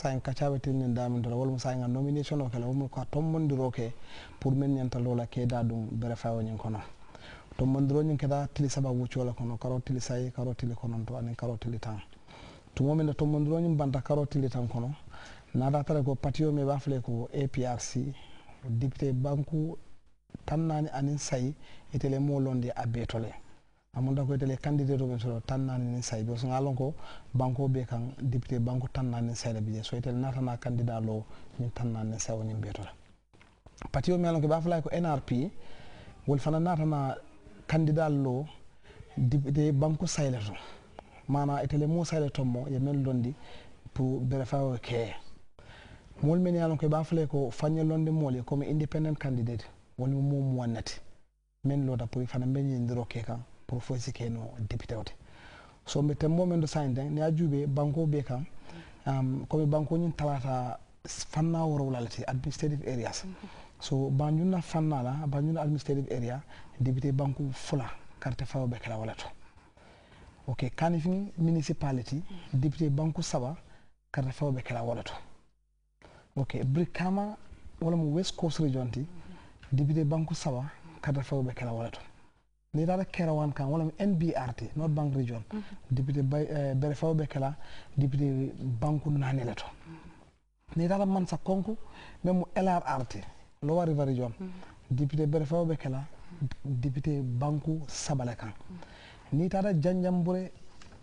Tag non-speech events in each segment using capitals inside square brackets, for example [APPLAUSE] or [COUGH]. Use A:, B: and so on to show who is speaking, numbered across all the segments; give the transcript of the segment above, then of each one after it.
A: sayin kacaɓetirnin damintota wolmo sayin a nomination o kela womo ka tommodiro ke pour min ñanta lola keeda ɗum bere fawoñin kono tommodiroñin keda tili sababu cola kono karo tili sayi karo tili kononto anin karo tili tan tumo min de banta karo tili tan kono naata ko patio me ɓa ko aprc député banku tan nani anin sayi itele mo londi a beetole amulda ko tele candidate men soro tannani nen saybe so ngalon ko banko be kan député banko tannani nen sayla bije so tele natana candidat lo min tannani nen sawo nin betora pati o melon ko ba fulay ko NRP wol fana natana candidat lo député banko sayla to mana tele mo sayla to mo ye men londi pour bere fawo ke mol men yalon ko ba fulay ko fanye londi mole comme independent candidate woni mo mo wonnati men lota pour fana men yindiro ke kan pour fo si keno député ote so mi temmo men do sañ den a juube banko be kam komi banko ñin talata fanna worowlalati administrative areas so banjunna fanna la banjunna administrative area député banko fula carte fawo be kala wala to ok kanifin municipality député banko saba carte fawo be kala wala to ok brikama wala mo west coast region ti député banko saba carte fawo be kala wala to nirara kerawan kan wala nbrt north bank region mm -hmm. député uh, eh, bere fawɓe kala député banku nanele to mm -hmm. nirara man sa konko même mo lrrt lowa river region mm -hmm. député bere fawɓe kala député banku sabale kan mm-hmm. ni tara janjambure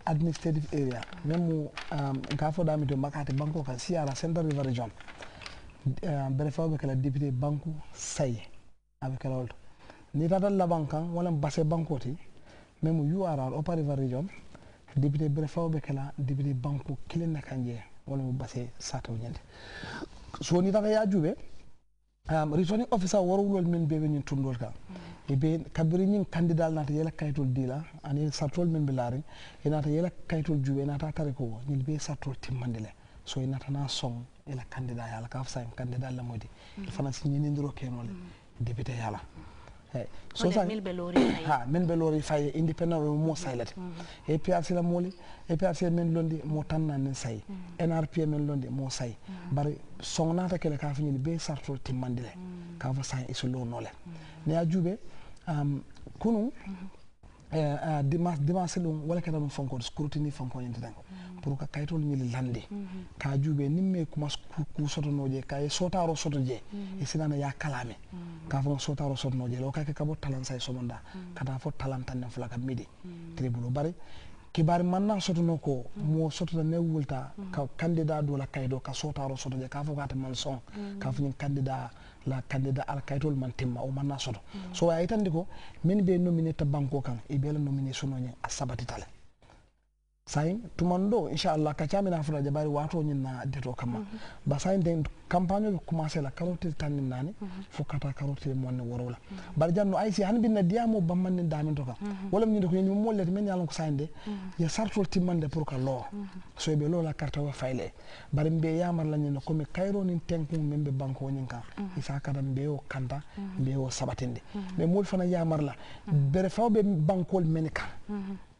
A: administrative area mm-hmm. même mo um, ka foɗami to makate banko kan siyara central river region uh, eh, bere fawɓe kala député banku saye aɓe kala wolto ni tata laban kan wala base banko ti memu urr opariva region dibide bere fawo be kala dibide banko kelen na kanje wala mo base sato nyande so ni tata ya jube um, returning officer worwulol mm. men be be tundol ka e be kabiri nyin candidat nata yela kaytol dila ani satol men be e nata yela kaytol jube nata tare ko nyin be satol timmandele so e na song ela candidat yala ka fsa candidat la modi mm -hmm. fana sinini kenole mm. dibite yala mm -hmm. sosa ha min ɓe loori faye ah, indépendant o mo saylete mm-hmm. aprc la mooli aprc min londi mo tannan nen sayi mm-hmm. nrp min londi mo sayi mm-hmm. bari sognata kele ka fañini be sarto timmandile ka fo sa isolonole ne a juuɓe kunu Eh, eh, dimanche ɗum wala kata ɗum fankode scrutini fankoñentitan hmm. pour que kayitol ñili lande hmm. ka juuɓe nin me kuma ku sotonoje ka ye sotaro soto je hmm. e sinana ya kalame ka fo sotaro sotonoje law kake kabo talansa e somonda kata fo talantannen fula flaka midi tribulo bari kibari manna sotono ko mo sotota ne wulta ka candidat dola kayido ka sotaro soto je ka fo kata man son ka fo ñin candidat la candidat alkayitol man timma o manna soto mm. so a yitandi ko min be nominata banko kan e bela sono ñen a sabatitale sayin tuman do inchallah ka camina fota jabari wato ñin na deto kamma mm -hmm. ba sayin den campagne o commencé la karotiri tanni naani fo kata karotiri ne worow la bari janno si han binna diyamo bammanne damin to ka wala mi ko mo lete men yalon ko sayinde yo sartol timmande pour que lo so lo loola carte o fayle bari mbiye yamar ko mi kayro ni tenkun min banko banque ka kan isa kada mbiyewo kanta o sabatende mais mo fana yamar la bere be banqueol men ka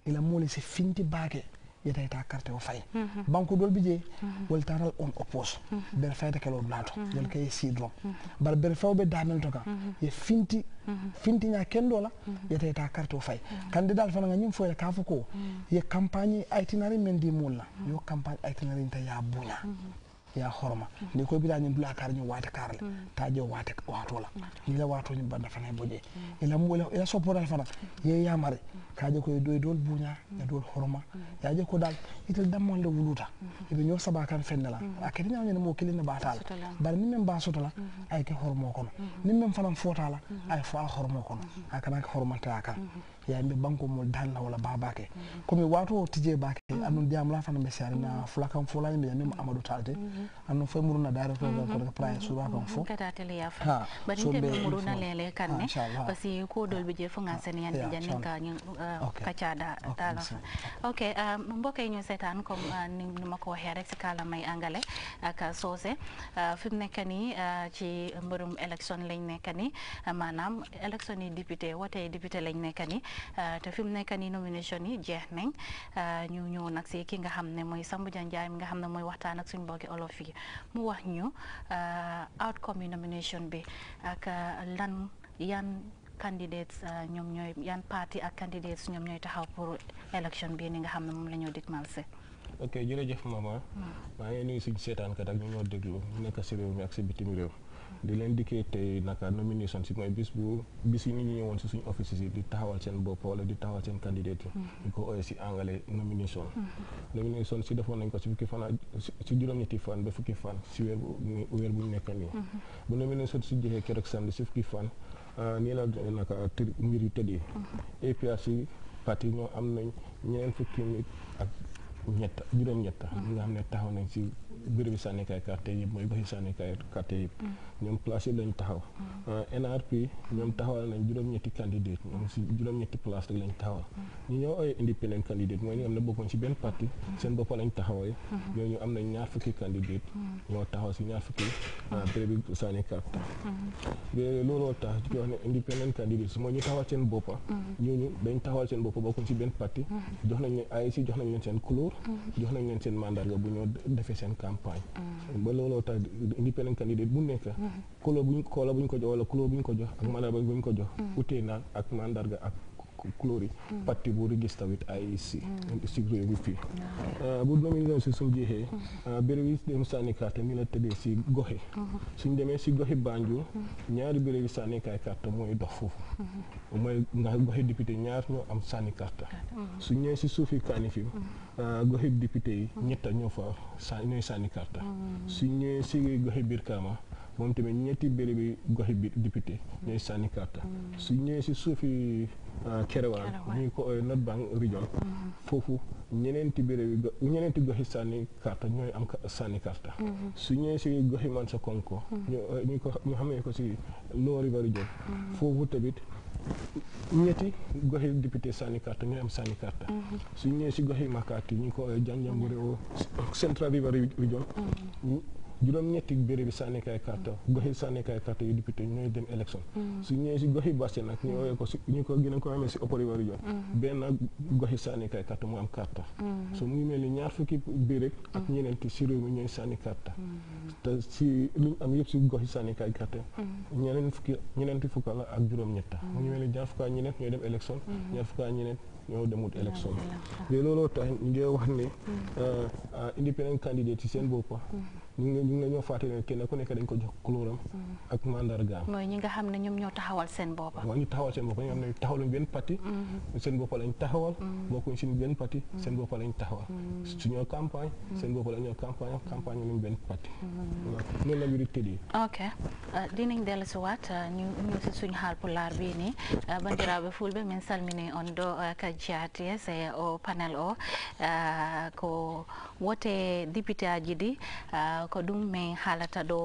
A: ila le se finti baake yetaytakarte o fayi mhm. banque ɗol bi je mhm. wol taral on oppose mhm. bere fayde kelo blato yol kaye sidron bara bere fewɓe damel to kan ye finti fintiña kendola yetayta carte o fayi candidat a ga ñim foyle ka fo ko ye campagne itinéraire men ndi mulla yo campagne itinéraire nta ya buña ya horma nde koye bitañin dula kara ñum waate karale mm. taje waate watola ila watoñum banda fana boƴe ila mula ila soppodal fana ye a kaje koye doye dol buña e dol a yaje ko dal itel dammonde wuluta eɓe ñoo saba kan fende la a kadi ñawñande mo kelinde batala bara ni men basotala ay ke hormo kono ni a fanan fotala a fo a hormo kono a kanake hormantaya kan yayimɓe a mo danla a babake komi wato tije bake annon ndiyamla fana mbe mm-hmm. sarina fulakan fola yimɓe yamima amadou talde mm-hmm. annofamuɗum adare koɗo mhm. praye mhm. souvent kam fof mhm.
B: katatele yafa baɗi teɓe muɗuna lele kanne parce que ko dolɓe je fo ga sene yande jannin ka kacaɗa tala euh, ok euh, mboke ñu setan comme euh, nima ko waxe rek si kala may angale ak soose fi mu nekk ni ci mbërum élection lañ nekk ni maanaam élection yi député wote député lañ nekk ni te fi mu nekk ni nomination yi jeex nañ ñu ñëw nag si ki nga xam ne mooy Sambou Janjaye mi nga xam ne mooy waxtaan ak suñ olof fii mu wax ñu euh, outcome yi nomination bi ak euh, lan yan candidates euh, ñoom ñooy yan parti ak candidates ñoom ñooy taxaw pour élection bii ni nga xam ne moom la ñoo dikmal si
C: ok jërëjëf mama hmm. maa ngi si suñu seetaankat ak ñu ñoo déglu nekk si réew mi ak si bitim réew di leen dikkee tey naka nomination si mooy bis bu bis yi nit ñi ñëwoon si suñu office yi di taxawal seen bopp wala di taxawal seen candidature ñu mm-hmm. ko ooyee si anglais nomination mm-hmm. nomination si defoon nañ ko si fukki fan si juróom-ñetti fan ba fukki fan si weer bu weer bu ñu nii mm-hmm. bu nomination si joxee keroog samedi si fukki fan ah, nii la naka mbir yu tëddee APRC parti ñoo am nañ ñeneen fukki nit ak ñett juróom-ñett. ñi nga xam ne taxaw nañ si bérébu sànnikaay carte yëpp mooy goxi sànnikaay carte yëpp. Mm. ñoom place yi lañ taxaw. Mm. Euh, NRP ñoom taxawal nañ juróom-ñetti candidate ñoom si juróom-ñetti place rek lañ taxawal. Mm. ñi ñoo ooyee independent candidate mooy ñi nga xam ne bokkuñ ñu taxawal seen boppa ñooñu dañ taxawal seen bopp bokkuñ si benn parti jox nañ ne AIC jox nañ seen couleur jox nañ leen seen mandarga bu ñoo defee seen campagne. Mm. ba looloo tax independent candidate bu nekk. kolo buñ kolo buñ ko jox wala kolo buñ ko jox ak mandarga buñ ko jox. Mm. utee na ak mandarga ak. chlorine hmm. parti hmm. hmm. ah, bu register with IEC and the secret with fii bu doomi dem si suñ jeexee bérébi dem sànni carte mi la tëddee si goxi suñ demee si goxi Banjul ñaari bérébi sànni kaay carte mooy dox foofu mooy nga goxi député ñaar ñoo am sànni carte suñ ñëwee si suufi Kanifing ah, goxi député yi ñetta ñoo fa ñooy sànni carte suñ ñëwee si goxi Brikama moom tamit ñetti bérébi gox bi député ñooy sànni karta mm. su ñëwee si suufi ah, Kerewan ñu ko ooyee euh, North Bank Region mm-hmm. foofu ñeneenti bérébi ñeneenti goxi sànni karta ñooy am sànni karta mm-hmm. su ñëwee si goxi Mansa Konko mm-hmm. euh, ñu ko ñu xamee ko si Lower River Region foofu tamit ñetti goxi député sànni karta ñooy am sànni karta su ñëwee si goxi Makati ñu ko ooyee euh, Janjanbureh Central River Region juróom-ñetti béréb yi sànnikaay carte goxi yi sànnikaay carte yu député ñooy dem élection mm. su ñëwee si goxi yi base nag ñu woowee ko si ñu ko gën a ko amee si Upper River mm-hmm. benn gox sànnikaay carte mu am carte mm-hmm. so mu ngi mel ni ñaar fukki béréb ak mm-hmm. ñeneenti si réew mi ñooy sànni carte te si luñ am yëpp si goxi yi sànnikaay carte ñeneen fukki ñeneenti fukka la ak juróom-ñetta mu ngi mel ni ñaar fukkaa ñeneen ñooy dem élection ñaar fukkaa ñeneen ñoo demut élection bi looloo tax ñu wax ne euh, ah, independent candidate si seen boppa ñu ngi ñu ngi ñoo fàttali ne kenn ku nekk dañ ko jox couleuram mm. ak mandargaam
B: mooy ñi nga xam ne ñoom ñoo taxawal seen bopp waaw
C: ñu taxawal seen bopp ñoo xam ne taxawaluñ benn parti mm-hmm. seen bopp lañ taxawal mm-hmm. bokkuñ suñu benn parti mm-hmm. seen bopp lañ taxawal suñoo campagne seen bopp lañ ñoo campagne campagne luñ benn parti noonu la mbiri tëddee
B: ok euh, dinañ dellu si waat euh, ñu ñu si suñu euh, ka e o panel o ko wote député aji ko ɗum min haalata ɗo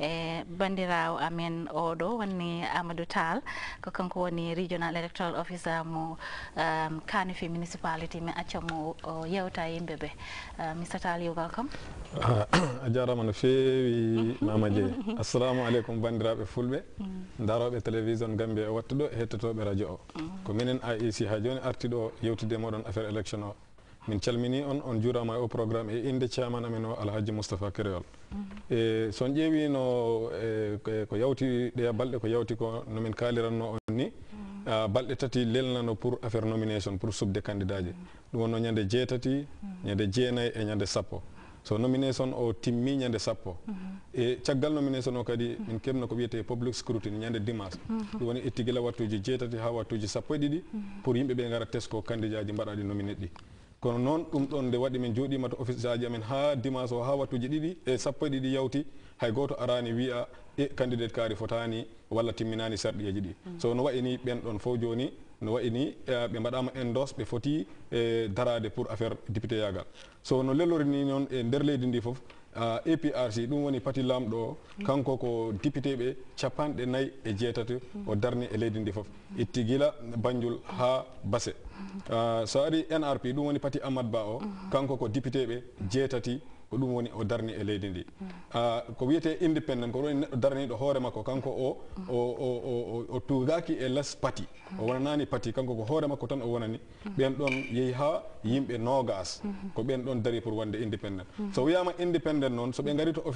B: e bandirawo amen oɗo wonni amadou tall ko kanko woni regional electoral officer mo um, kanifi municipality mi acca mo yewta yimɓe ɓe uh, mr tall you welcome
D: ah, a jarama no feewi mama dieye [LAUGHS] assalamu aleykum bandiraɓe fulɓe mm. daroɓe télévision gambia e watta e hettotoɓe radio o mm. ko minen aic e ha joni arti ɗo yewtude e moɗon affaire élection o min calmini on on juurama e o programme e inde ceaman amen o alhaji moustapha kréol mhm. e son ƴeewino e, ko yawti ɗeya balɗe ko yawti ko nomin kaliranno on ni mhm. balɗe tati lelnano pour affaire nomination pour subde candidat ji mhm. ɗum wonno ñande jeetati ñande jeenayyi e ñande sappo so nomination o timmi ñande sappo e caggal nomination o kadi min keɓno ko wiyete public scrutine ñande dimanche ɗum woni ittiguila wattuji jeetati ha wattuji sappo e ɗiɗi pour yimɓeɓe gara tesko candidat ji mbaɗaɗi nominé ɗi kono noon ɗum ɗon nde waɗi min jooɗima to office aji amen ha dimanche o ha wattuji ɗiɗi e sappo e ɗiɗi yawti hay goto arani wiya e candidate kaari fotani walla timminani sarɗiyeji ɗi mm. so no wayini ɓen ɗon fof joni no wayini e, ɓe mbaɗama endos ɓe foti e darade pour affaire député yagal so no lelori ni noon e nder leydi ndi foof aprc ɗum woni pati lamɗo kanko ko député ɓe capanɗe nayyi e jeetati o darni e leydi ndi foof itti gila banjul ha basse so ari nrp ɗum woni pati amad ba o kanko ko député ɓe jeetati ko ɗum woni o darni e leydi ndi hmm. ah, ko wiyete independent ko ɗon neɗɗo daraniɗo hoore makko kanko o hmm. o tugaki e les pati o hmm. wonanani pati kanko ko hoore makko tan o wonani ɓen ɗon yeehi ha yimɓe nogas ko ɓen ɗon dari pour wonde independent so wiyama independent noon soɓe gari to